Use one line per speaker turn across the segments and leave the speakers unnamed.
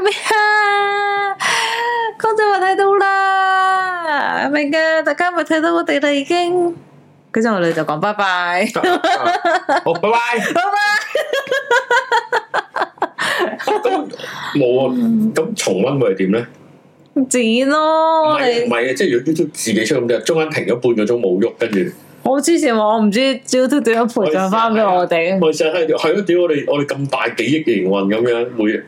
明啊，江仔話睇到啦，明嘅，大家咪睇到我哋啦已經。跟住我哋就講拜拜，好拜拜，拜拜。
咁冇啊？咁重温咪係點咧？
剪咯，
唔係啊！即係如果自己出咁，就中間停咗半個鐘冇喐，跟住
我之前話我唔知 YouTube 點樣賠償翻俾我哋，咪成日睇係咯？屌我哋我哋咁
大幾億嘅營運咁樣，每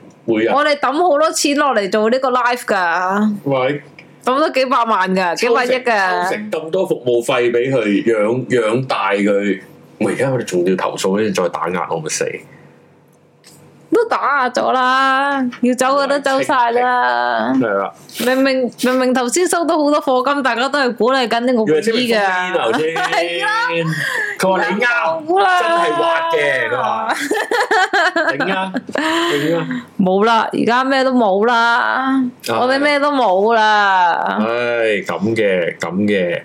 我哋
抌好多錢落嚟做呢個 life 㗎，喂，抌咗幾百萬㗎，幾百億㗎，抽成
咁多服務費俾佢養養大佢，我而家我哋仲要投訴，跟住再打壓我咪死。
都打咗啦，要走嘅都走晒啦。係啦，明明明明頭先收到好多課金，大家都係鼓勵緊啲我啲嘅。係啦，佢話你啱，真係滑嘅。佢話，整啊，
整啊，
冇啦，而家咩都冇啦，我哋咩都冇啦。
唉，咁嘅，咁嘅。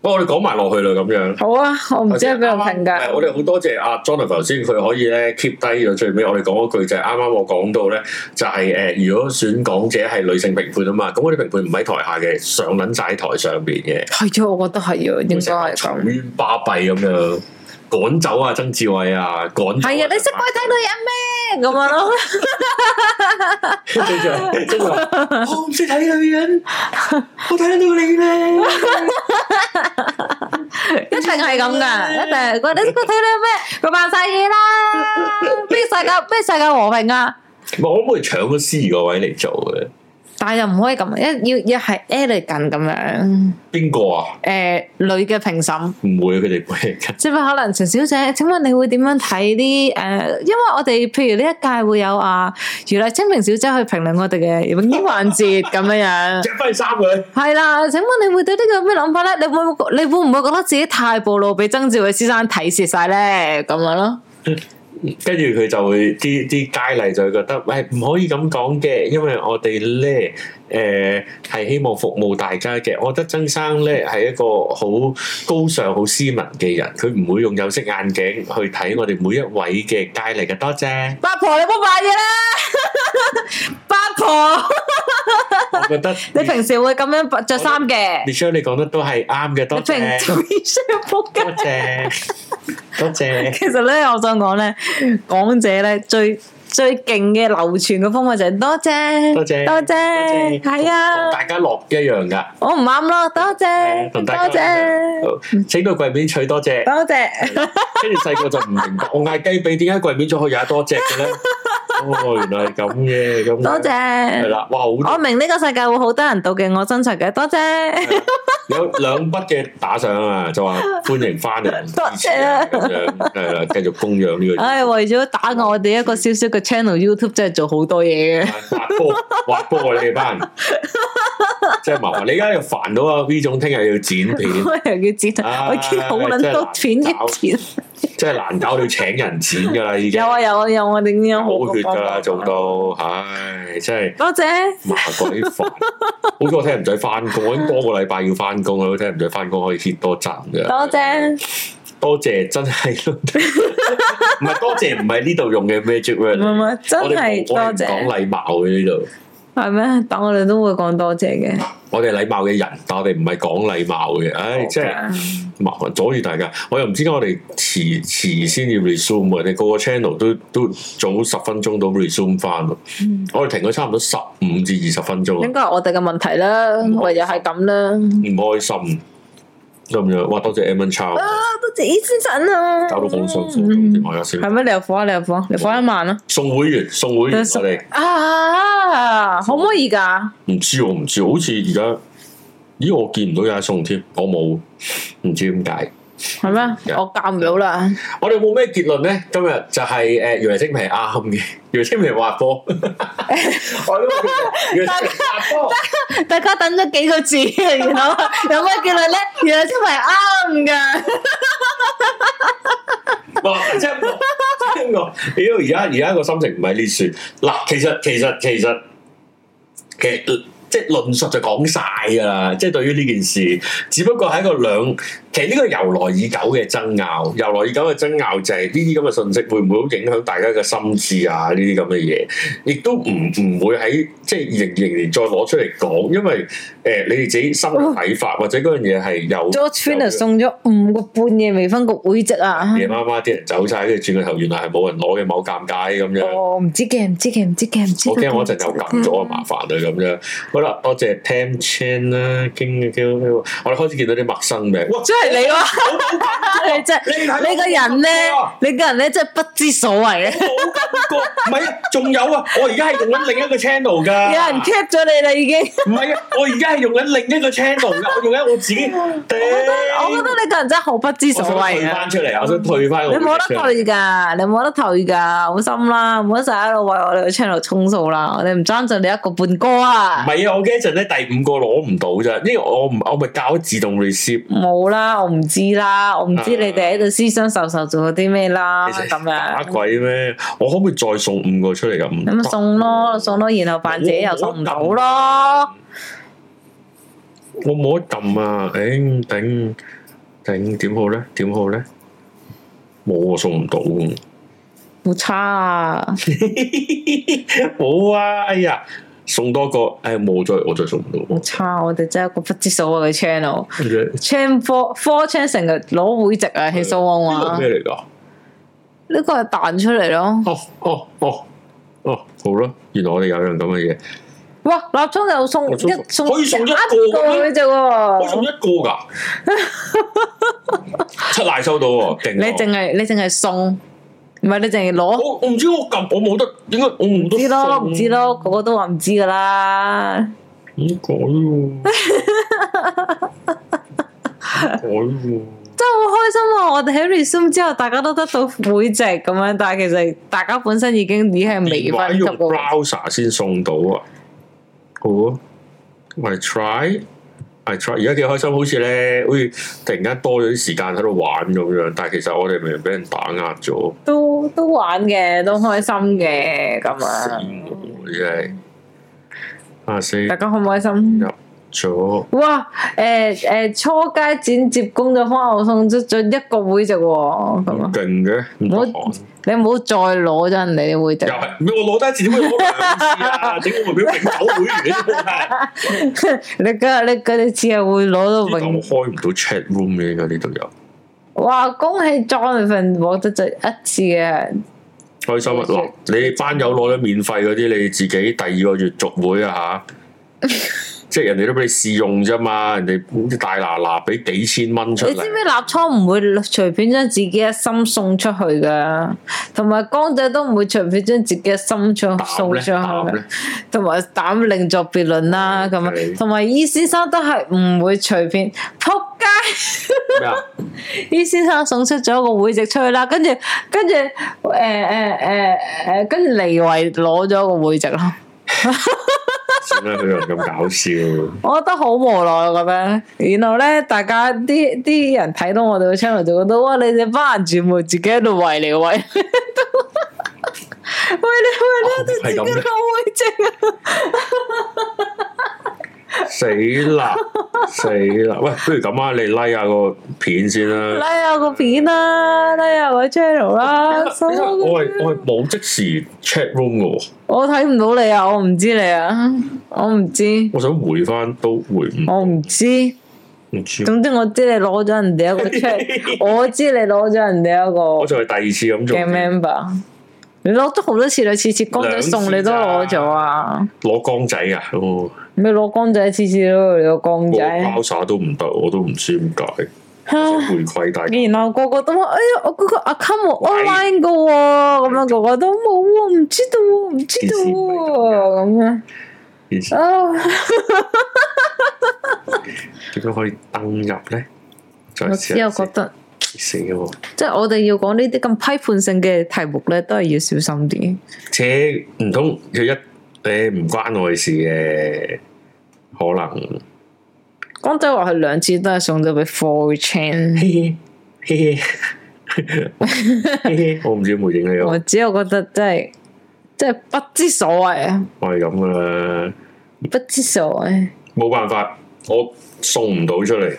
不過，我哋講埋落去啦，咁樣。好
啊，我唔知有冇評噶。係
我哋好多謝阿、啊、Jonathan 頭先，佢可以咧 keep 低到最尾。我哋講嗰句就係啱啱我講到咧，就係、是、誒、就是呃，如果選港者係女性評判啊嘛，咁我啲評判唔喺台下嘅，上捻晒喺台上邊
嘅。係啊，我覺得係啊，應該。
長冤巴閉咁樣。 趕走啊，曾志偉啊，趕走、啊啊！係啊，你識鬼
睇女人咩？咁啊咯，正常，正常，我唔識睇女人，我睇得到你咩？ 一定係咁噶， 一定。我你識唔識睇到咩？佢扮晒嘢啦，咩世界？咩世界和平啊？
唔係，可唔可以搶咗司儀個位嚟做嘅。
但係又唔可以咁，一要一係 elegant 咁樣。邊個啊？誒，女嘅評審
唔會啊，佢哋。
即係可能陳小姐，請問你會點樣睇啲誒？因為我哋譬如呢一屆會有啊，如嚟清平小姐去評論我哋嘅泳衣環節咁樣樣。着翻衫佢。係啦，請問你會對呢個有咩諗法咧？你會你會唔會覺得自己太暴露，俾曾志偉先生睇蝕晒咧？咁樣咯。
跟住佢就會啲啲佳麗就會覺得，喂，唔可以咁講嘅，因為我哋咧誒係希望服務大家嘅。我覺得曾生咧係一個好高尚、好斯文嘅人，佢唔會用有色眼鏡去睇我哋每一位嘅佳麗嘅。多謝。
八婆你冇扮嘅啦，八婆。我覺得你平時會咁樣着衫嘅。
Michelle 你講得都係啱嘅，多謝。Michelle 仆街。多謝。
其實咧，我想講咧，港姐咧最最勁嘅流傳嘅方法就係多謝，多謝，多謝，
係啊。同大家樂一樣噶。
我唔啱咯，多謝，多謝，
請到櫃面取多謝，多謝。跟住細個就唔明白，我嗌雞髀，點解櫃面仲可以有多隻嘅咧？哦，原來係咁嘅，咁多謝係啦，哇，我
明呢個世界會好多人妒忌我真材嘅，多謝
有兩筆嘅打賞啊，就話歡迎翻嚟多
謝啊，咁
係啦，繼續供養呢個。
唉、哎，為咗打我哋一個小小嘅 channel YouTube，真係做好多嘢
嘅。划波划波啊，你哋班人即係麻煩。你而家要煩到啊，V 總，聽日要剪片，又
要剪，啊、我已經好撚多片一片。真打
打 真係難搞，到要請人錢噶啦，已經、啊。有啊
有啊有，啊，哋呢樣好血噶啦做
到，謝唉，真係。
多謝。
麻鬼煩煩， 好彩我聽唔使翻工，我諗多個禮拜要翻工，我都聽唔使翻工可以貼多站噶。多謝，多謝，真係唔係多謝，唔係呢度用嘅 Magic word。唔唔，真係
多謝。講禮
貌嘅呢度。
係咩？但我哋都會講多謝嘅。
我哋禮貌嘅人，但我哋唔係講禮貌嘅。唉的，即係、哎就是、麻煩阻住大家。我又唔知點解我哋遲遲先要 resume，我哋個個 channel 都都早十分鐘都 resume 翻，嗯、我哋停咗差唔多十五至二十分鐘。應該
係我哋嘅問題啦，唯有係咁啦。
唔開心。做唔做？哇！多謝
M and Charles 啊！多謝 E 先生啊！搞到咁辛苦，係咪你入夥？你入夥？你入一萬啊！送會員、送會員，真係、嗯、們啊！可唔可以噶？唔
知我唔知，好似而家咦？我見唔到有送添，我冇，唔知點
解。係咩？我夾唔到啦！
我哋冇咩結論咧？今日就係誒，原來清平係啱嘅。原來清平畫波，
大家等咗幾個字，然後有咩結論咧？原來清平啱噶，
冇即係我屌，而家而家個心情唔係呢處嗱，其實其實其實其實即係論述就講晒噶啦，即係對於呢件事，只不過係一個兩。其實呢個由來已久嘅爭拗，由來已久嘅爭拗就係呢啲咁嘅信息會唔會好影響大家嘅心智啊？呢啲咁嘅嘢，亦都唔唔會喺即係二零二零年再攞出嚟講，因為誒、呃、你哋自己心睇法，或者嗰樣嘢係由。咗
t w 送咗五個半夜微醺局會籍啊！夜
媽媽啲人走晒，跟住轉個頭，原來係冇人攞嘅，冇尷尬咁樣。我唔知嘅，唔知嘅，唔知嘅，唔知。我驚我一陣又撳咗啊！麻煩啊！咁樣好啦，謝謝 chan 啊、我淨係聽 c h a n 啦，傾我哋開始見到啲陌生名。哇！真係～
你咯，你真，你你個人咧，你個人咧真係不知所謂。冇
感覺，唔係啊，仲有啊，我而家係用緊另一個
channel 㗎。有人 cap 咗你啦，已經。唔係啊，我而家係
用緊另一個 channel 㗎，我用緊我自己。我覺得，我覺得你個人
真係好不知所謂啊！我想翻出嚟，我想退翻。你冇得退㗎，你冇得退㗎，好心啦，唔好成日喺度為我哋個 channel 充數啦，我哋唔爭盡你一個半個啊。唔
係啊，我驚一陣咧，第五個攞唔到咋，呢個我唔，我咪搞自動 receive。
冇啦。我唔知啦，我唔知你哋喺度私相授受做咗啲咩啦，咁、啊、樣
打鬼咩？我可唔可以再送五個出嚟咁？咁送
咯，送咯，然後范姐我又送唔到咯。
我冇得撳啊！哎，頂頂點好咧？點好咧？冇啊，送唔到。
好差
啊！冇 啊！哎呀！送多個，誒冇再，我
再送唔到。我差，我哋真係一個不知所謂嘅 channel。channel four four channel 成日攞會籍啊，其實我話呢個咩嚟噶？呢個係彈出嚟咯、哦。哦
哦哦哦，好啦，原來我哋有樣咁嘅嘢。
哇！立鐘就送蔥一，送可以送一個嘅只喎，送一個噶。
七奶 收到喎，勁、啊！你淨係
你淨係送。唔係你淨係攞我，我唔知，我撳我冇得，點解我唔知咯，唔知咯，個個都話唔知噶啦，
點改喎 改喎
真係好開心啊！我哋喺 resume 之後，大家都得到會籍咁樣，但係其實大家本身已經已經未分咁。電
話用 browser 先送到啊！好啊，我哋 try。而家幾開心好呢，好似咧，好似突然間多咗啲時間喺度玩咁樣，但係其實我哋明明俾人打壓咗，
都都玩嘅，都開心嘅咁樣。真
係，啊四，大
家好唔好開心，入
咗。
哇，誒、欸、誒、欸，初階剪接工作坊我送出咗一個會籍喎，啊，咁勁嘅，唔你唔好再攞咗人哋嘅會籍。又係，
唔係我攞一次點會攞兩次啊？整到表永久
會員呢啲啊！你嗰日你嗰啲只係會攞到永
久，開唔到 chat room 嘅，而家呢度有。
哇！恭喜 Jonathan 得就一次嘅！啊，
開心啊！嗱， 你班友攞咗免費嗰啲，你自己第二個月續會啊吓。 即係人哋都俾你試用啫嘛，人哋啲大拿拿俾幾千蚊出嚟。你知唔
知立倉唔會隨便將自己嘅心送出去噶？同埋光仔都唔會隨便將自己嘅心將送出去。同埋膽另作別論啦，咁啊的，同埋伊先生都係唔會隨便仆街。伊 麼先生送出咗個會籍出去啦，跟住跟住誒誒誒誒，跟住嚟為攞咗個會籍啦。
點解佢又咁
搞笑？ 我覺得好無奈嘅咩？然後呢，大家啲啲人睇到我哋個頻道，就覺得哇！你哋班人全部自己喺度圍嚟，喂，圍嚟圍你自己喺度圍正啊！
死啦 死啦！喂，不如咁、like like、啊，你 like 下個片先
啦，like 下個片啦，like 下個 channel 啦。我係我係冇即
時 chat room 噶，
我睇唔到你啊，我唔知你啊，我唔知。我
想回翻都回唔，我
唔知唔知。
總
之 我知你攞咗人哋一個 chat 我知你攞咗人哋一個。我仲
係第二次咁做。Remember
你攞咗好多次啦，次次光仔送你都攞咗啊！
攞光仔啊！哦
咩攞光仔，次次你攞光仔，包
耍，都唔得。哦，我都唔知
點解。大 然後個個都話：哎呀，我個個 account offline 噶喎，咁樣個個都冇喎，唔知道喎，唔知道喎，咁樣啊，
點解可以登入咧？再試一試我只有覺得死，
即係我哋要講呢啲咁批判性嘅題目咧，都係要小心
啲。且唔通佢一誒唔關我嘅事嘅？可能，
江仔話佢兩次都係送咗俾 Four Chain，
我唔 知啲回應係點。 我
只係覺得真係真係不知所謂啊！我係咁噶啦，不知所謂，
冇 辦法，我送唔到出嚟。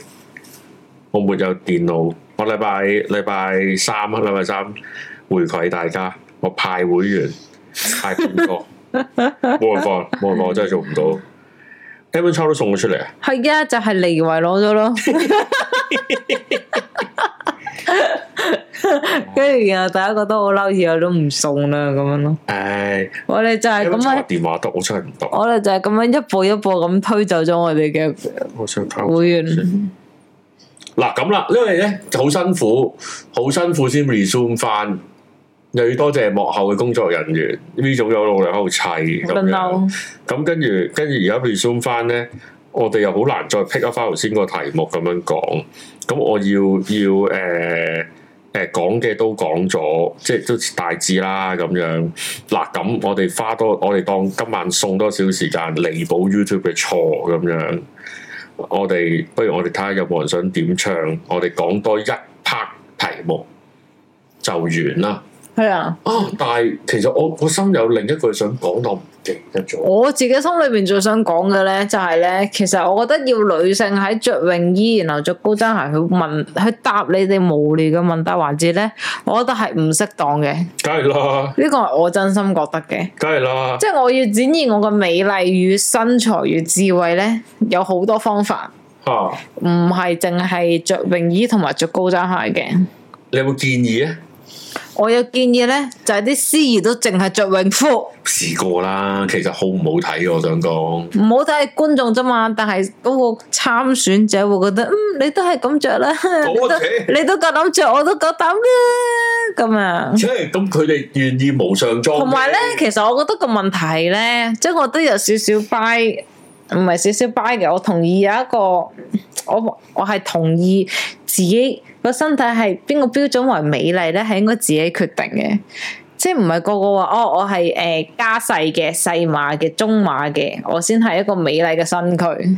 我沒有電腦，我禮拜禮拜三、禮拜三回饋大家，我派會員派點貨，
冇 辦法，
冇辦法，我真係做唔到。 基本抽都送咗出嚟啊！
係啊，就係嚟慧攞咗咯，跟住然後大家覺得好嬲，以後都唔送啦，咁樣咯。唉，我哋就係咁樣，電話得，我真係唔得。我哋就係咁樣一步一步咁推走咗我哋嘅想睇會員。
嗱咁啦，因為咧好辛苦，好辛苦先 resume 翻。又要多謝幕後嘅工作人員，呢種有努力喺度砌咁樣，咁 跟住跟住而家 resume 翻咧，我哋又好難再 pick up 翻頭先個題目咁樣講，咁我要要誒誒講嘅都講咗，即係都大致啦咁樣。嗱，咁我哋花多我哋當今晚送多少時間彌補 YouTube 嘅錯咁樣，我哋不如我哋睇下有冇人想點唱，我哋講多一 part 題目就完啦。係啊！啊、哦，但係其實我我心有另一句想講到唔記得咗。
我，我自己心裏邊最想講嘅咧，就係、是、咧，其實我覺得要女性喺着泳衣然後着高踭鞋去問去答你哋無聊嘅問答環節咧，我覺得係唔適當嘅。梗係啦，呢個係我真心覺得嘅。梗係啦，即係我要展現我嘅美麗與身材與智慧咧，有好多方法，唔係淨係着泳衣同埋着高踭鞋嘅。
你有冇建議啊？
我有建議咧，就係啲司儀都淨係着泳褲。
試過啦，其實好唔好睇啊？我想講
唔好睇係觀眾啫嘛，但係嗰個參選者會覺得，嗯，你都係咁着啦起你，你都夠膽着，我都夠膽啦，咁啊。即
係咁佢哋願意無上裝。同埋咧，
其實我覺得個問題咧，即係我都有少少 buy，唔係少少 buy 嘅。我同意有一個，我我係同意自己。個身體係邊個標準為美麗咧，係應該自己決定嘅，即係唔係個個話哦，我係誒、呃、加細嘅細碼嘅中碼嘅，我先係一個美麗嘅身軀。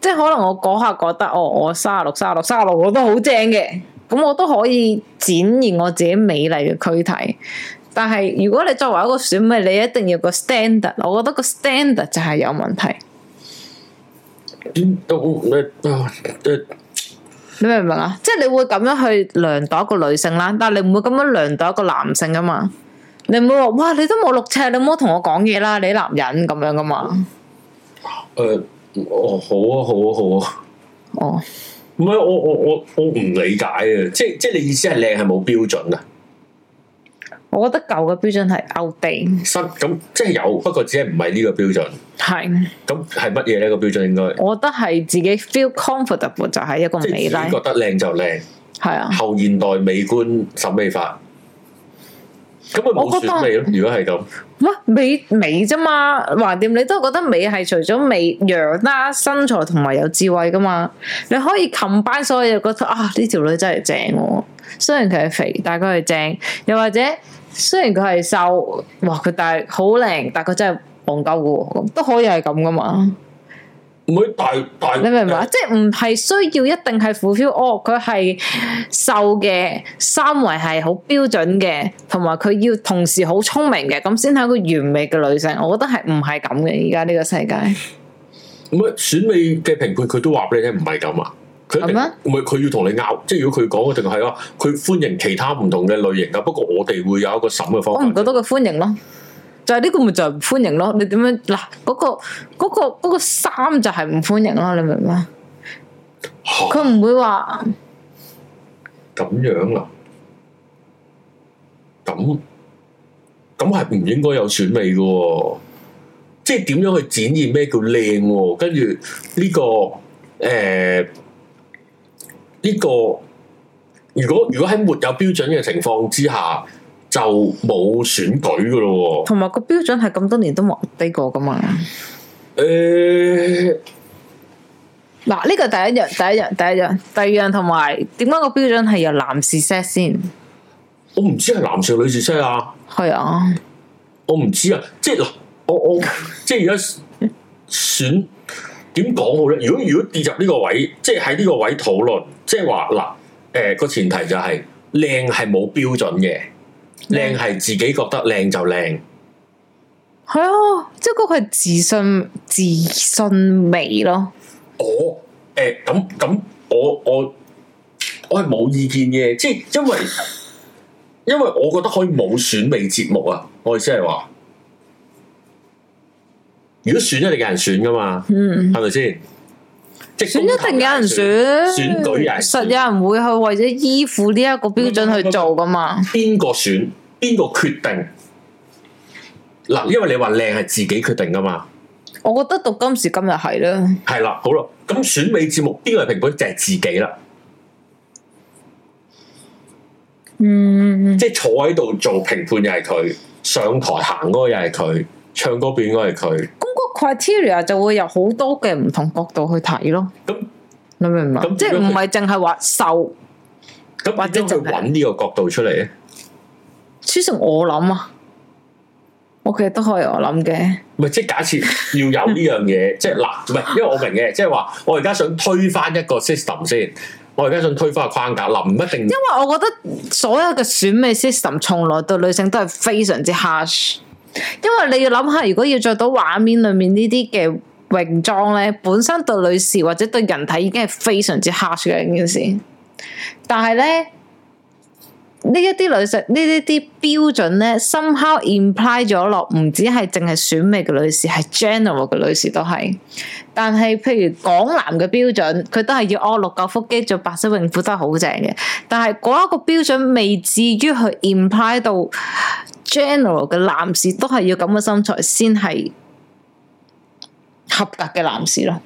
即係可能我嗰下覺得哦，我三啊六三啊六三啊六，我都好正嘅，咁、嗯、我都可以展現我自己美麗嘅軀體。但係如果你作為一個選美，你一定要個 standard，我覺得個 standard 就係有問題。 你明唔明啊？即係你會咁樣去量度一個女性啦，但係你唔會咁樣量度一個男性噶嘛？你唔會話哇，你都冇六尺，你唔好同我講嘢啦，你男人咁樣噶嘛？
誒，哦，好啊，好啊，好啊。哦，oh，唔係我我我我唔理解啊，即係即係你意思係靚係冇標準噶。
我覺得舊嘅標準係歐弟新
咁即係有，不過只係唔係呢個標準。係咁係乜嘢呢？個標準應該
我覺得係自己 feel comfortable 就係一個美啦。覺
得靚就靚，係啊，後現代美觀審美化。咁啊，冇說美咯。如果係咁，
哇，美美啫嘛，橫掂你都係覺得美係除咗美樣啦、身材同埋有智慧噶嘛。你可以冚班所有覺得啊，呢條女真係正，雖然佢係肥，但係佢係正。又或者。雖然佢係瘦，哇！佢但係好靚，但佢真係戇鳩嘅，都可以係咁噶嘛。
唔係，大
大你明唔明？即係唔係需要一定係腐 feel？哦，佢係瘦嘅，三圍係好標準嘅，同埋佢要同時好聰明嘅，咁先係一個完美嘅女性。我覺得係唔係咁嘅，而家呢個世界。
唔係選美嘅評判，佢都話俾你聽，唔係咁啊。係咩？唔係佢要同你拗，即係如果佢講嘅，定係啊？佢歡迎其他唔同嘅類型啊。不過我哋會有一個審嘅方法。我唔
覺得佢歡迎咯，就係、是、呢個咪就係唔歡迎咯。你點樣嗱？嗰、啊那個嗰、那個嗰、那個衫就係唔歡迎咯。你明唔明啊？佢唔、啊、會話
咁樣啊？咁咁係唔應該有選美嘅、哦？即係點樣去展現咩叫靚、哦？跟住呢個誒？欸呢個如果如果喺沒有標準嘅情況之下，就冇選舉噶
咯。同埋個標準係咁多年都冇低過噶嘛。誒，嗱，呢個第一樣，第一樣，第一樣，第二樣，同埋點解個標準係由男士 set 先？
我唔知係男士、女士 set 啊。係啊，我唔知啊，即係嗱，我我即係而家選。點講好咧？如果如果跌入呢個位，即係喺呢個位討論，即係話嗱，誒個、呃、前提就係靚係冇標準嘅，靚係、嗯、自己覺得靚就靚。
係啊，即係嗰個係自信自信美咯。
我誒咁咁，我我我係冇意見嘅，即係因為因為我覺得可以冇選美節目啊，我意思係話。如果選一定有人選噶嘛，係咪先？是是就
是、選，選一定有人選，選舉人，實有人會去為咗依附呢一個標準去做噶嘛？邊
個選？邊個決定？嗱、啊，因為你話靚係自己決定噶嘛？
我覺得到今時今日係啦，
係啦，好啦，咁選美節目邊個評判就係、是、自己啦。
嗯，
即係坐喺度做評判又係佢，上台行嗰個又係佢，唱歌表演，又係佢。
criteria 就會有好多嘅唔同角度去睇咯，咁你明唔明啊？咁那即係唔係淨係話瘦，咁那或者就揾呢個角度出嚟咧。其實我諗啊，我其實都可以我諗嘅。
唔係即係假設要有呢樣嘢， 即係嗱，唔係因為我明嘅，即係話我而家想推翻一個 system 先，我而家想推翻個框架，嗱，唔一定，因
為我覺得所有嘅選美 system 從來對女性都係非常之 harsh。因為你要諗下，如果要着到畫面裏面呢啲嘅泳裝咧，本身對女士或者對人體已經係非常之 harsh 嘅一件事。但係咧，呢一啲女士呢一啲標準咧，somehow imply 咗落，唔止係淨係選美嘅女士，係 general 嘅女士都係。但係譬如港男嘅標準，佢都係要屙、哦、六嚿腹肌，着白色泳褲都係好正嘅。但係嗰一個標準未至於去 imply 到。general 嘅男士都係要咁嘅身材先係合格嘅男士咯，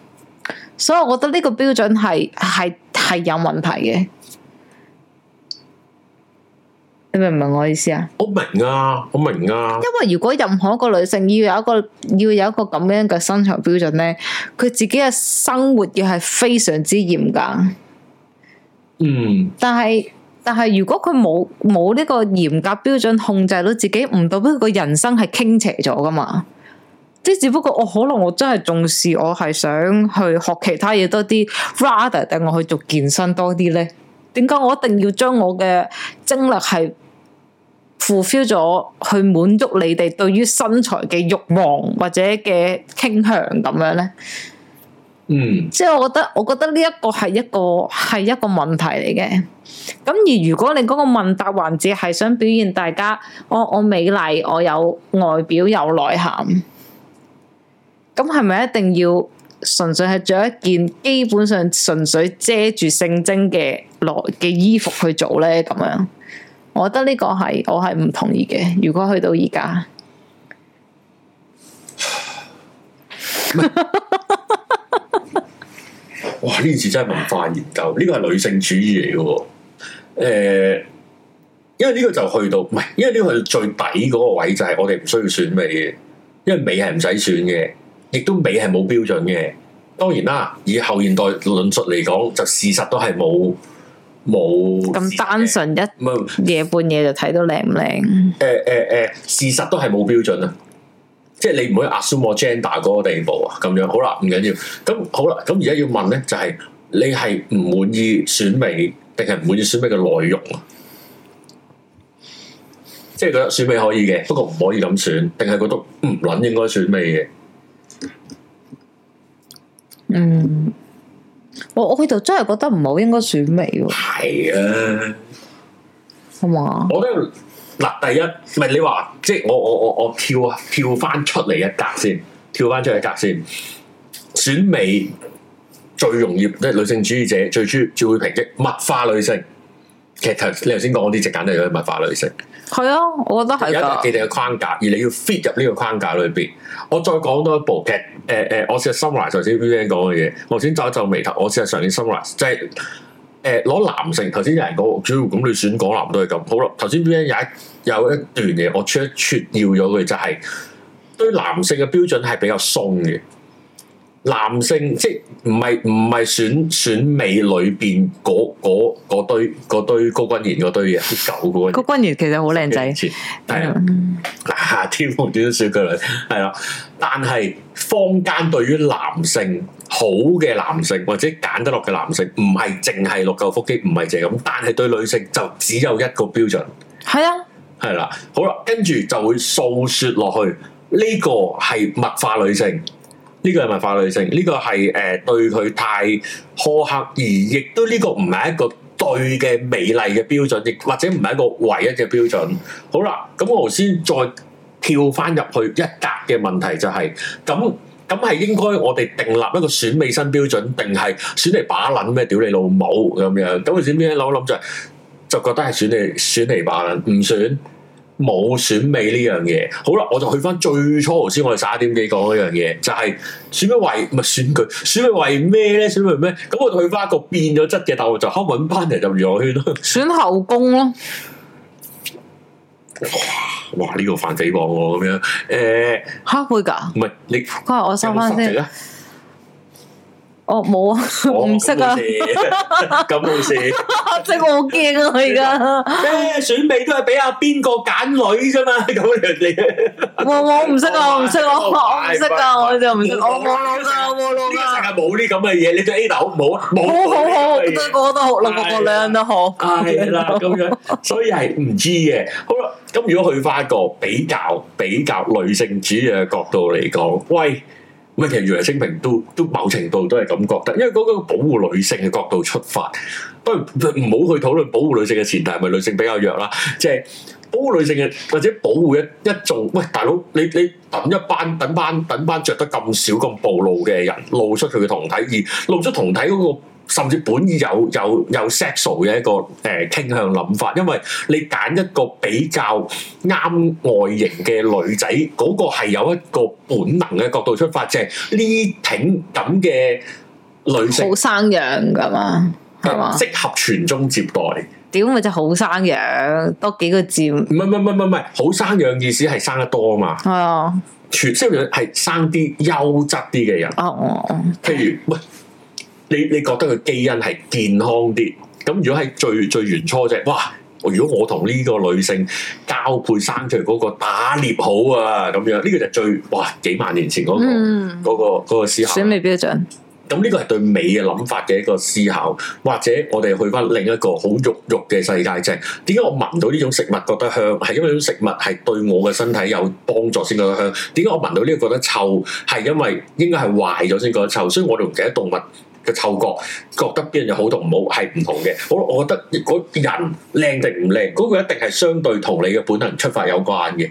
所以我覺得呢個標準係係係有問題嘅。你明唔明我意思啊？我
明啊，我明啊。因
為如果任何一個女性要有一個要有一個咁樣嘅身材標準咧，佢自己嘅生活要係非常之嚴格。嗯，但係。但係如果佢冇冇呢個嚴格標準控制到自己，唔代表個人生係傾斜咗噶嘛？即係只不過我、哦、可能我真係重視我係想去學其他嘢多啲，rather 等我去做健身多啲咧？點解我一定要將我嘅精力係 fulfill 咗去滿足你哋對於身材嘅慾望或者嘅傾向咁樣咧？嗯，即係我覺得，我覺得呢一個係一個係一個問題嚟嘅。咁而如果你嗰個問答環節係想表現大家，我、哦、我美麗，我有外表有內涵，咁係咪一定要純粹係着一件基本上純粹遮住性徵嘅內嘅衣服去做呢？咁樣，我覺得呢個係我係唔同意嘅。如果去到而家。
哇！呢件事真係文化研究，呢、這個係女性主義嚟㗎，誒、呃，因為呢個就去到唔係，因為呢個最底嗰個位就係我哋唔需要選美嘅。因為美係唔使選嘅，亦都美係冇標準嘅。當然啦，以後現代論述嚟講，就事實都係冇冇咁
單純、呃、一夜半夜就睇到靚唔靚，
誒誒誒，事實都係冇標準。即係你唔可以 assume 我 gender 嗰個地步啊，咁樣好啦，唔緊要。咁好啦，咁而家要問咧，就係、是、你係唔滿意選美，定係唔滿意選美嘅內容啊？即係覺得選美可以嘅，不過唔可以咁選，定係覺得唔捻應該選美嘅？嗯，
我我去到真係覺得唔好應該選美喎。係啊，好嘛嗎？我
咧。嗱，第一，唔係你話，即係我我我我跳跳翻出嚟一格先，跳翻出嚟一格先，選美最容易即係女性主義者最中，最會抨擊物化女性。其實你頭先講嗰啲，簡直有啲物化女性。
係啊，我覺得係有一個既
定嘅框架，而你要 fit 入呢個框架裏邊。我再講多一步，其實誒誒我試下 summarize 頭先 VVN 講嘅嘢。我先皺一皺眉頭，我試下想啲 summarize 即係。誒攞、呃、男性頭先有人講，主要咁你選港男都係咁。好啦，頭先邊有一有一段嘢，我切切掉咗佢，就係、是、對男性嘅標準係比較鬆嘅。男性即係唔係唔係選選美裏邊嗰堆堆高君賢嗰堆嘢，啲狗高
君賢 其實好靚仔，係啦、 嗯
嗯啊，天王短小佢女係啦，但係坊間對於男性好嘅男性或者揀得落嘅男性，唔係淨係六嚿腹肌，唔係淨係咁，但係對女性就只有一個標準，係啊，係啦、啊，好啦，跟住就會訴說落去，呢、這個係物化女性。呢個係文化女性，呢、這個係誒、呃、對佢太苛刻，而亦都呢、這個唔係一個對嘅美麗嘅標準，亦或者唔係一個唯一嘅標準。好啦，咁我頭先再跳翻入去一格嘅問題就係、是，咁咁係應該我哋訂立一個選美新標準，定係選你把撚咩屌你老母咁樣？咁我點樣諗諗就係，就覺得係選你選你把撚唔選。冇選美呢樣嘢，好啦，我就去翻最初先，我哋十一點幾講一樣嘢，就係選咩為，唔係選舉，選咩為咩咧？選咩咩？咁我就去翻一個變咗質嘅，但係就可揾翻嚟入娛樂圈咯。
選後宮咯！哇
哇！呢個犯匪網喎咁樣，誒，嚇會㗎？唔係你，
日我收翻先。哦，冇啊，我唔識啊，
咁冇事，
即係我好驚啊，佢而家咩
選美都係俾阿邊個揀女啫嘛，咁樣你，
我我唔識啊，我唔識啊，我唔識噶，我就唔識，我冇老公，我冇老公，
成日冇呢咁嘅嘢，你着 A 字好唔好啊？好好好，我覺
得我覺得好，兩個女人都好，係啦，咁樣，
所以係唔知嘅，好啦，咁如果去返個比較比較女性主義嘅角度嚟講，喂。咁其實《如來清平都》都都某程度都係咁覺得，因為嗰個保護女性嘅角度出發，不過唔好去討論保護女性嘅前提係咪女性比較弱啦，即、就、係、是、保護女性嘅或者保護一一眾喂，大佬你你等一班等一班等班着得咁少咁暴露嘅人露出佢嘅胴體而露出胴體嗰、嗰個。甚至本意有有有 sexual 嘅一個誒、呃、傾向諗法，因為你揀一個比較啱外形嘅女仔，嗰、嗰個係有一個本能嘅角度出發，即係呢挺咁嘅女性
好生養㗎嘛，係嘛？
適合傳宗接代。
點咪就好生養，多幾個占，唔係，唔唔唔唔係好生養，意思係生得多啊嘛。係啊，
傳生養係生啲優質啲嘅人。哦哦、oh. 如，譬如喂。你你覺得佢基因係健康啲？咁如果係最最原初啫、就是，哇！如果我同呢個女性交配生出嚟嗰個打獵好啊咁樣，呢、這個就最哇幾萬年前嗰、那個嗰個嗰個思考。審美標準。咁呢個係對美嘅諗法嘅一個思考，或者我哋去翻另一個好肉肉嘅世界啫、就是。點解我聞到呢種食物覺得香？係因為呢種食物係對我嘅身體有幫助先覺得香。點解我聞到呢個覺得臭？係因為應該係壞咗先覺得臭。所以我哋唔記得動物。嘅嗅覺覺得邊樣又好同唔好係唔同嘅。好，我我覺得嗰個人靚定唔靚，嗰個一定係相對同你嘅本能出發有關嘅。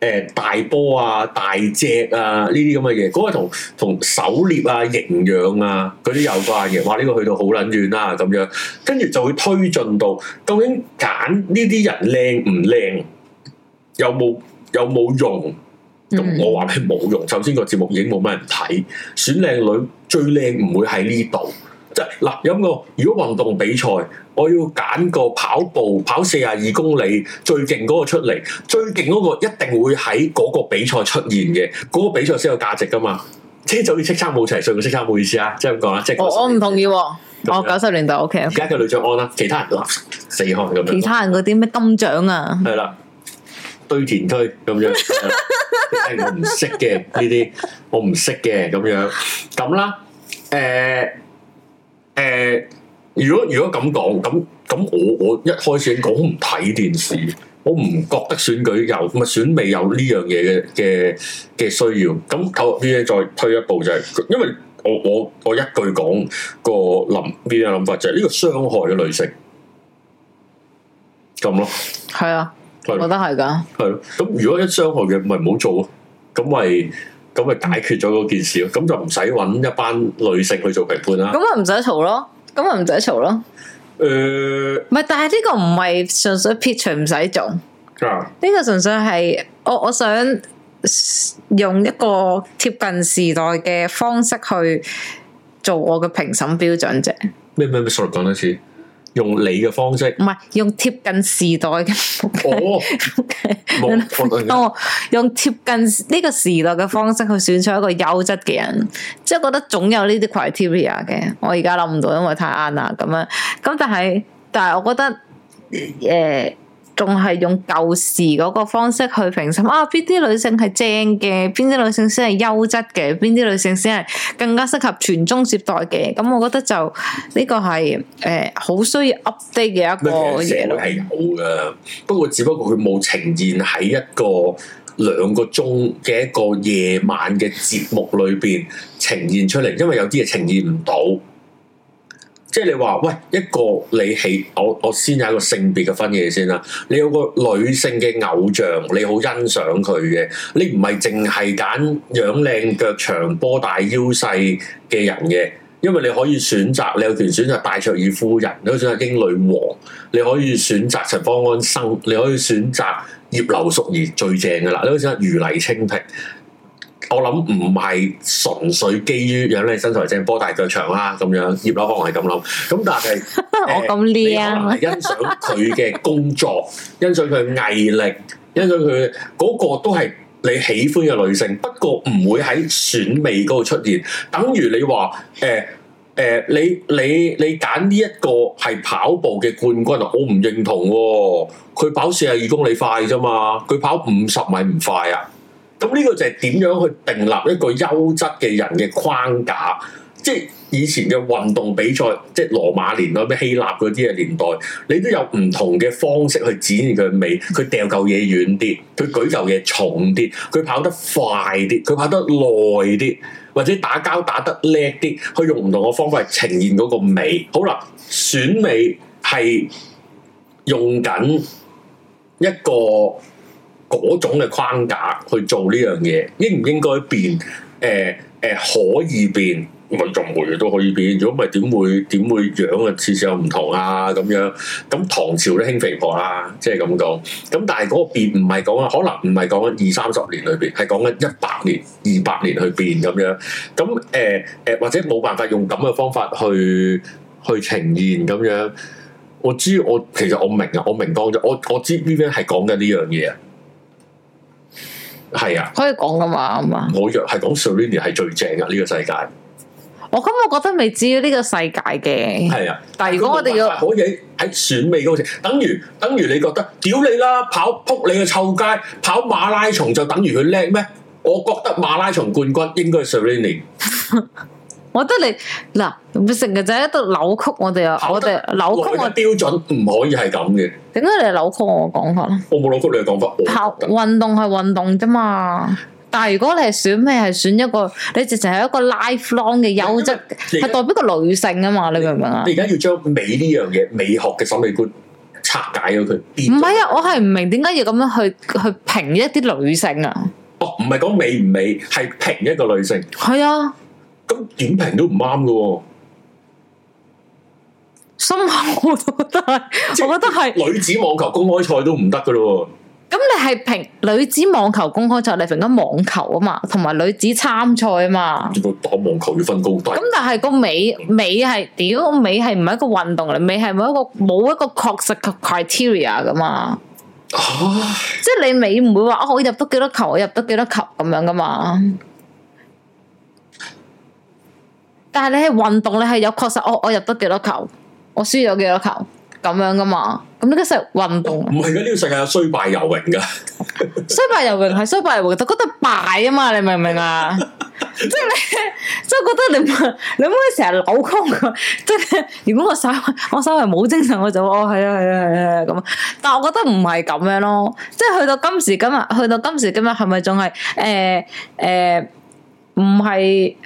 誒，大波啊、大隻啊呢啲咁嘅嘢，嗰個同同狩獵啊、營養啊嗰啲有關嘅。哇！呢個去到好撚遠啦，咁樣，跟住就會推進到究竟揀呢啲人靚唔靚，有冇有冇用？咁、嗯、我話咧冇用，首先個節目已經冇乜人睇。選靚女最靚唔會喺呢度，即係嗱，咁個如果運動比賽，我要揀個跑步跑四十二公里最勁嗰個出嚟，最勁嗰個一定會喺嗰個比賽出現嘅，嗰、嗰個比賽先有價值噶嘛。即係就要叱咤冇齊，所以叱咤冇意思啊。即係咁講啦，即係、哦。我
唔同意、啊，我九十年代 OK。而家嘅女獎安啦，其他人嗱
四開咁樣。其他
人嗰啲咩金獎啊？
係啦。堆填區咁樣，係我唔識嘅呢啲，我唔識嘅咁樣咁啦。誒、呃、誒，如果如果咁講，咁咁我我一開始講，我唔睇電視，我唔覺得選舉有咪選美有呢樣嘢嘅嘅嘅需要。咁走入邊咧，再推一步就係、是，因為我我我一句講、個諗邊、個諗法就係呢個傷害嘅女性，咁咯，係啊。我覺得係噶，係咯。咁如果一傷害嘅，咪唔好做咯。咁咪咁咪解決咗嗰件事咯。咁就唔使揾一班女性去做評判啦。咁啊
唔使嘈咯，咁啊唔使嘈咯。誒、呃，唔係，但係呢個唔係純粹 p i t 撇除唔使做。啊，呢個純粹係我我想用一個貼近時代嘅方式去做我嘅評審標準啫。
咩咩咩，sorry，講多次。用你嘅方
式，唔係用貼近時代嘅。 哦，冇， 用貼近呢個時代嘅方式去選出一個優質嘅人，即係覺得總有呢啲 criteria 嘅，我而家諗唔到，因為太啱啦咁樣，咁但係，但係我覺得，誒。Yeah. 仲係用舊時嗰個方式去評審啊？邊啲女性係正嘅？邊啲女性先係優質嘅？邊啲女性先係更加適合傳宗接代嘅？咁我覺得就呢個係誒好需要 update 嘅一個嘢咯。社會係
有㗎，不過只不過佢冇呈現喺一個兩個鐘嘅一個夜晚嘅節目裏邊呈現出嚟，因為有啲嘢呈現唔到。即係你話，喂，一個你起我我先有一個性別嘅分野先啦。你有個女性嘅偶像，你好欣賞佢嘅。你唔係淨係揀樣靚腳長波大腰細嘅人嘅，因為你可以選擇。你有權選擇戴卓爾夫人，你可以選擇英女皇，你可以選擇陳方安生，你可以選擇葉劉淑儀，最正嘅啦。你可以選擇余黎青萍。我諗唔係純粹基於樣靚身材正，波大腳長啦，咁樣葉老闆係咁諗。咁但係、
呃、 欣賞佢嘅
工作， 欣賞佢嘅毅力，欣賞佢嗰個都係你喜歡嘅女性。不過唔會喺選美嗰度出現。等於你話誒誒，你你你揀呢一個係跑步嘅冠軍，我唔認同、哦。佢跑四十二公里快啫嘛，佢跑五十米唔快啊！咁呢個就係點樣去定立一個優質嘅人嘅框架？即係以前嘅運動比賽，即係羅馬年代、咩希臘嗰啲嘅年代，你都有唔同嘅方式去展現佢嘅美。佢掉嚿嘢遠啲，佢舉嚿嘢重啲，佢跑得快啲，佢跑得耐啲，或者打交打得叻啲，佢用唔同嘅方法去呈現嗰個美。好啦，選美係用緊一個嗰種嘅框架去做呢樣嘢，應唔應該變？誒、呃、誒、呃，可以變，咪任何嘢都可以變。如果唔係點會點會樣，樣上啊？次次又唔同啊咁樣。咁唐朝都興肥婆啦，即係咁講。咁但係嗰個變唔係講啊，可能唔係講緊二三十年裏邊，係講緊一百年、二百年去變咁樣。咁誒誒，或者冇辦法用咁嘅方法去去呈現咁樣。我知我其實我明啊，我明白咗，我我知呢邊係講緊呢樣嘢啊。係啊，
可以講噶嘛，係
嘛？我若係講 Sri Lanka 係最正噶呢個世界，
我咁我覺得未至於呢個世界嘅。係啊，但係如，如果我哋要，
可以喺選美嗰時，等於等於你覺得屌你啦，跑扑你嘅臭街，跑馬拉松就等於佢叻咩？我覺得馬拉松冠軍應該係 Sri Lanka。
我覺得你嗱，成日就喺度扭曲我哋啊！我哋扭曲
我標準唔可以係咁嘅。
點解你扭曲我嘅講法？
我冇扭曲你嘅講法。跑
運動係運動啫嘛，但係如果你係選美，係選一個你直情係一個 life long 嘅優質，係代表一個女性啊嘛？你明唔明啊？你而家
要將美呢樣嘢，美學嘅審美觀拆解咗佢。
唔係啊，我係唔明點解要咁樣去去評一啲女性啊？
哦，唔係講美唔美，係評一個女性。係啊。咁
點評都唔啱
嘅，所以我都覺得係，我覺得係女子網球公開賽都唔得嘅咯。
咁你係評女子網球公開賽，你評緊網球啊嘛，同埋女子參賽啊嘛。不過打網球要分高低，咁但係個美美係屌，美係唔係一個運動嚟？美係咪一個冇一個確實嘅 criteria 噶嘛。 即係你美唔會話、哦、我入得幾多球，我入得幾多球咁樣噶嘛。但係你喺運動你，你係有確實我我入得幾多球，我輸咗幾多球咁樣噶嘛？咁呢個實運動唔係噶，呢個、哦、
世界有衰敗有榮噶。
衰敗有榮係衰敗有榮、啊， 就覺得敗啊嘛？你明唔明啊？即係你，即係覺得你你唔可以成日扭曲即係如果我稍我稍為冇精神，我就哦係啊係啊係啊咁、啊。但係我覺得唔係咁樣咯。即係去到今時今日，去到今時今日，係咪仲係誒誒唔係？呃呃呃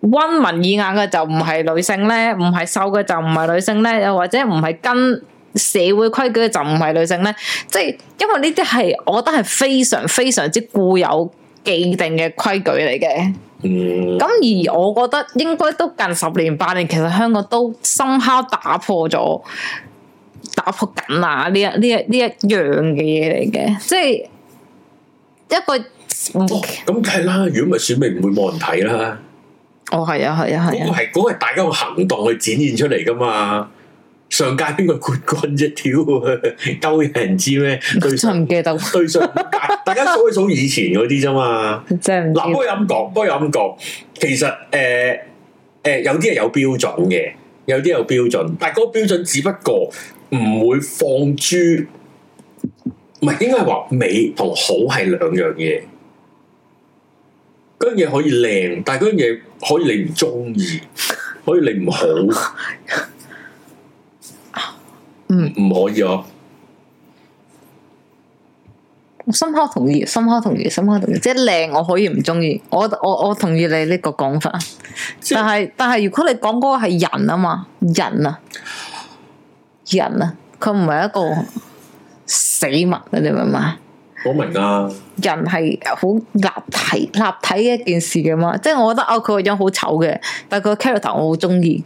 溫文爾雅嘅就唔係女性咧，唔係瘦嘅就唔係女性咧，又或者唔係跟社會規矩嘅就唔係女性咧，即係因為呢啲係我覺得係非常非常之固有既定嘅規矩嚟嘅。嗯，咁而我覺得應該都近十年八年，其實香港都深敲打破咗打破緊啊呢一呢一呢一樣嘅嘢嚟嘅，即係一個咁
梗係啦，如果唔係選美唔會冇人睇啦。嗯嗯哦
哦，係啊，係啊，係啊！嗰個係，
嗰個係大家用行動去展現出嚟噶嘛？上屆邊個冠軍啫？挑 勾人知咩？真
係唔記得。對上大
大家數一數以前嗰啲啫嘛。真嗱，不過又咁講，不過又咁講。其實誒誒、呃呃，有啲係有標準嘅，有啲有標準，但係嗰個標準只不過唔會放諸。唔係，應該係話美同好係兩樣嘢。嗰樣嘢可以靚，但係嗰樣嘢可以你唔中意， 可以你唔好，嗯，唔可以
我。我深刻同意，深刻同意，深刻同意，即係靚我可以唔中意，我我我同意你呢個講法。但係、就係、但係，如果你講嗰個係人啊嘛，人啊，人啊，佢唔係一個死物，你明唔明？
我明
啦，啊，人係好立體立體嘅一件事噶嘛，即係我覺得哦佢個樣好醜嘅，但係佢個 character 我好中意，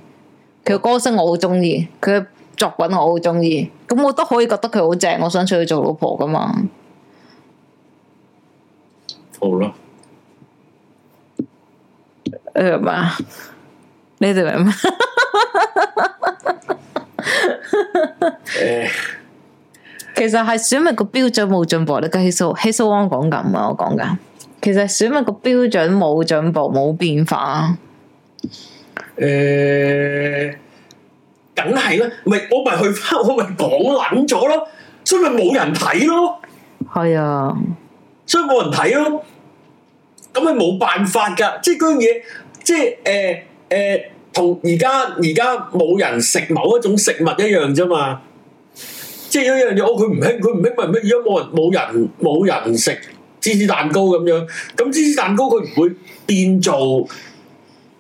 佢嘅，嗯、歌聲我好中意，佢嘅作品我好中意，咁我都可以覺得佢好正，我想娶佢做老婆噶嘛。好啦吧，係嘛？你哋明啊？ 其實係選物個標準冇進步咧，跟希蘇希蘇安講咁啊，我講緊，其實選物個標準冇進步，冇變化。
誒、呃，梗係啦，咪我咪去返，我咪講撚咗咯，所以咪冇人睇咯。
係啊，所
以冇人睇咯。咁咪冇辦法噶，即係嗰樣嘢，即係誒誒，同而家而家冇人食某一種食物一樣啫嘛。即係有一樣嘢，哦佢唔興，佢唔興咪咩嘢？因為冇人冇人冇人食芝士蛋糕咁樣，咁芝士蛋糕佢唔會變做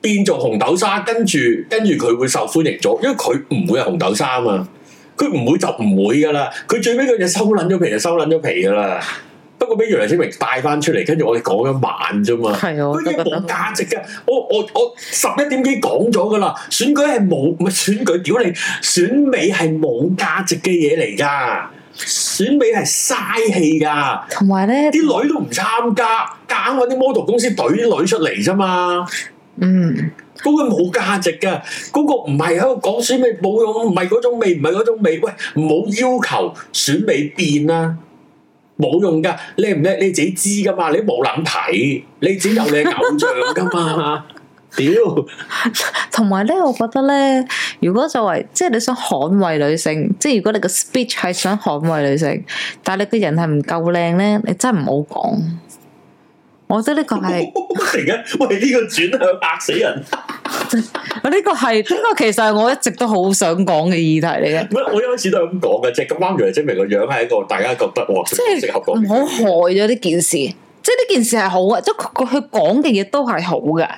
變做紅豆沙，跟住跟住佢會受歡迎咗，因為佢唔會係紅豆沙啊嘛，佢唔會就唔會噶啦，佢最尾佢就收撚咗皮就收撚咗皮噶啦。不過俾楊千明帶翻出嚟，跟住我哋講咗晚啫嘛。係啊的，我覺得冇價值嘅。我我我十一點幾講咗噶啦，選舉係冇唔係選舉，如果你選美係冇價值嘅嘢嚟噶，選美係嘥氣噶。同埋咧，啲女都唔參加，揀搵啲 model 公司懟啲女出嚟啫嘛。嗯，嗰個冇價值嘅，嗰、嗰個唔係喺度講選美冇用，唔係嗰種味，唔係嗰種味。喂，唔好要求選美變啦。冇用噶，叻唔叻你自己知噶嘛，你冇諗睇，你自己有你嘅偶像噶嘛，屌！
同埋咧，我覺得咧，如果作為即係你想捍衛女性，即係如果你個 speech 係想捍衛女性，但係你個人係唔夠靚咧，你真係唔好講。我覺得呢個係突然
間，喂呢、這個轉向嚇死人。
呢 個係呢個，其實係我一直都好想講嘅議題嚟嘅。唔
係我一開始都係咁講嘅，即係咁啱，就證明個樣係一個大家覺得，即係唔適合
講嘅。唔好害咗呢件事。即係呢件事係好嘅，即係佢佢講嘅嘢都係好嘅。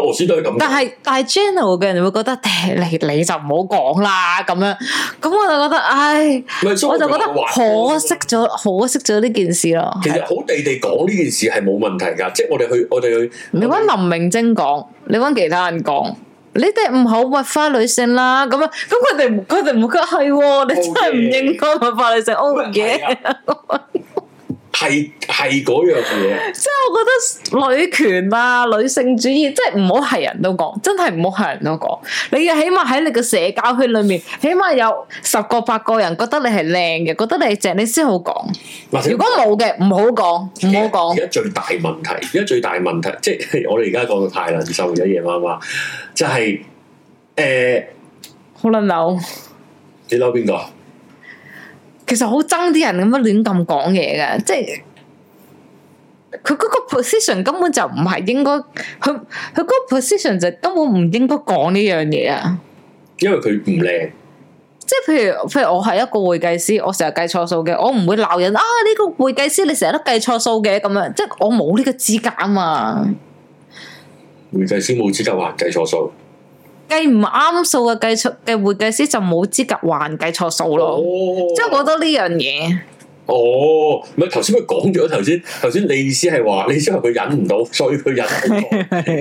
我先都係咁，但係但係 general 嘅人會覺得，誒，你你就唔好講啦，咁樣，咁我就覺得，唉，我就覺得可惜咗，可惜咗呢件事咯。其實好
地地講呢件事係冇問題噶，即係我哋去，我哋去。
你揾林明晶講，你揾其他人講，你哋唔好屈花女性啦。咁啊，咁佢哋佢哋唔覺得係，你真係唔應該屈花女性。
係係嗰樣嘢，
即係 我覺得女權啊、女性主義，即係唔好係人都講，真係唔好係人都講。你要起碼喺你個社交圈裏面，起碼有十個八個人覺得你係靚嘅，覺得你正，你先好講。者如果冇嘅，唔好講，
唔好講。而家最大問題，而家最大問題，即係我哋而家講到太難受，而家夜媽媽，就係、是、誒、好、呃、撚扭，你嬲邊個？
其實好憎啲人咁樣亂咁講嘢嘅，即係佢嗰個 position 根本就唔係應該，佢佢嗰個 position 就根本唔應該講呢樣嘢啊！
因為佢唔靚，
即係譬如譬如我係一個會計師，我成日計錯數嘅，我唔會鬧人啊！呢個會計師，你成日都計錯數嘅，咁樣即係我冇呢個資格啊嘛！
會計師冇資格話計錯數。
計唔啱數嘅計出嘅會計師就冇資格還計錯數咯，即係、oh. 我覺得呢樣嘢。
哦，唔係頭先佢講咗頭先，頭先你意思係話，你因為佢忍唔到，所以佢忍
唔到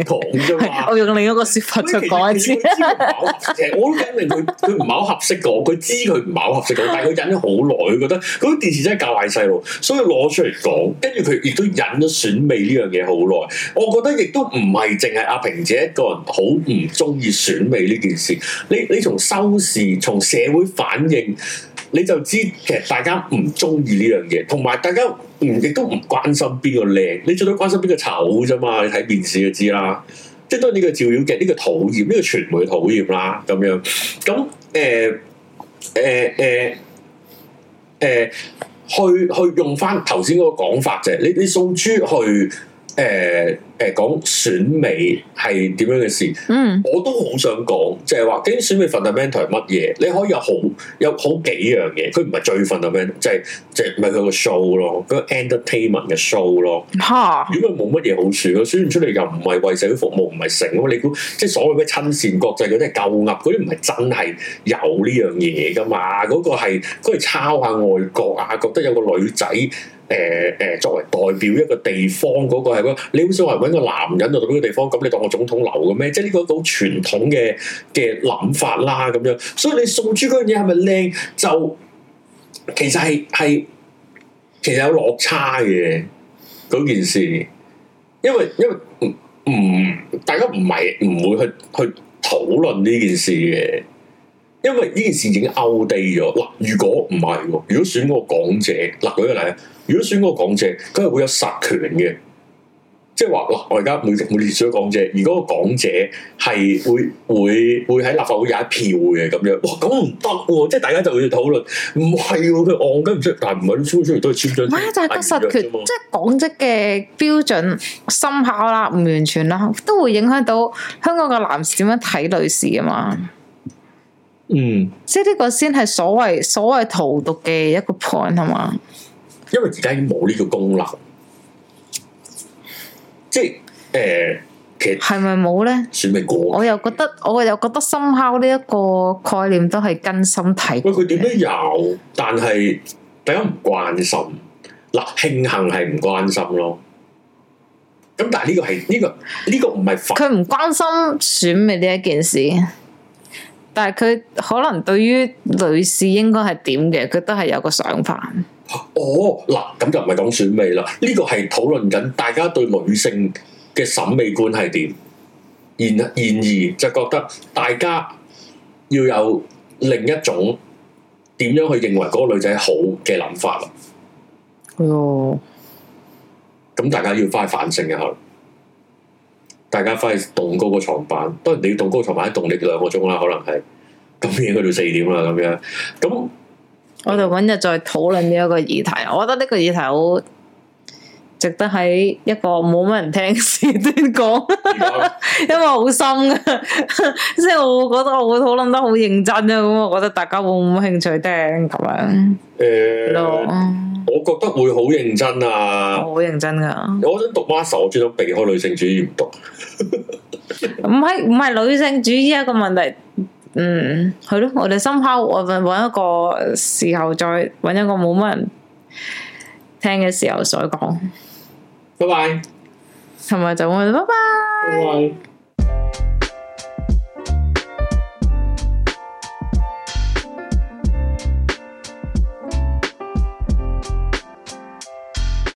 講啫嘛。我用另一個説法出嚟講一啲。其實我都認明佢
佢唔係好合適嘅，佢知佢唔係好合適嘅，但係佢忍咗好耐，佢覺得嗰啲、這個、電視真係教壞細路，所以攞出嚟講，跟住佢亦都忍咗選美呢樣嘢好耐。我覺得亦都唔係淨係阿平姐一個人好唔中意選美呢件事。你你從收視，從社會反應。你就知其實大家唔中意呢樣嘢，同埋大家唔亦都唔關心邊個靚，你最多關心邊個醜啫嘛。你睇電視就知啦，即係都呢個照妖鏡，呢個討厭，呢個傳媒討厭啦咁樣。咁誒誒誒誒，去去用翻頭先嗰個講法啫。你你送豬去。誒誒、呃呃、講選美係點樣嘅事，嗯，我都好想講，即係話，究竟選美 fundamental 係乜嘢？你可以有好有好幾樣嘢，佢唔係最 fundamental 即係即係唔係佢個 show 咯、啊，佢個 entertainment 嘅 show 咯，嚇，咁咪冇乜嘢好處咯。選出嚟又唔係為社會服務，唔係成啊嘛。你估即係所謂咩親善國際嗰啲係夠噏，嗰啲唔係真係有呢樣嘢㗎嘛？嗰、那個係都係抄下外國啊，覺得有個女仔。誒誒，作為代表一個地方嗰個係喎，你好似話揾個男人嚟到嗰個地方，咁你當個總統流嘅咩？即係呢個好傳統嘅嘅諗法啦，咁樣。所以你送出嗰樣嘢係咪靚，就其實係係其實有落差嘅嗰件事，因為因為唔唔，大家唔係唔會去去討論呢件事嘅。因為呢件事已經勾地咗嗱，如果唔係，如果選嗰個港姐，嗱，舉個例，如果選嗰個港姐，佢係會有實權嘅，即係話嗱，我而家每每年選港姐，如果個港姐係會會會喺立法會有一票嘅咁樣，哇，咁唔得，即係大家就會討論，唔係佢按緊唔出，但係唔係啲出嚟都係簽咗，唔係、啊、就係、是、得實權，
即係、啊、港籍嘅標準，深刻啦，唔完全啦，都會影響到香港嘅男士點樣睇女士啊嘛。嗯，即係呢個先係所謂所謂荼毒嘅一個 point 係嘛？
因為而家已經冇呢個功能，
即係誒、呃，其實係咪冇咧？選美過我，我又覺得我又覺得深刻呢一個概念都係根身體。喂，佢點
樣有？但係大家唔關心，嗱慶幸係唔關心咯。咁但係呢個係呢、這個呢、這個唔係佢
唔關心選美呢一件事。但係佢可能對於女士應該係點嘅，佢都係有個想法。
哦，嗱，咁就唔係講選美啦，呢個係討論緊大家對女性嘅審美觀係點。然然而就覺得大家要有另一種點樣去認為嗰個女仔好嘅諗法啦。哦，咁大家要翻去反省一下。大家翻去棟高個牀板，當然你要棟高床板，棟得兩個鐘啦，可能係咁，已經到四點啦，咁樣，咁
我哋搵日再討論呢一個議題。 我覺得呢個議題好。值得喺一個冇乜人聽時段講， 因為好深啊，即係我會覺得我，我得覺得有有會討論得好認真啊，咁我覺得大家會唔會興趣聽咁樣？
誒，我覺得會好認真啊，我
好認真噶。我想
讀 master，我專登避開女性主義唔讀。
唔係唔係女性主義一個問題，嗯，係咯，我哋深刻，我咪搵一個時候再搵一個冇乜人聽嘅時候再講。拜拜，同埋就我哋拜拜。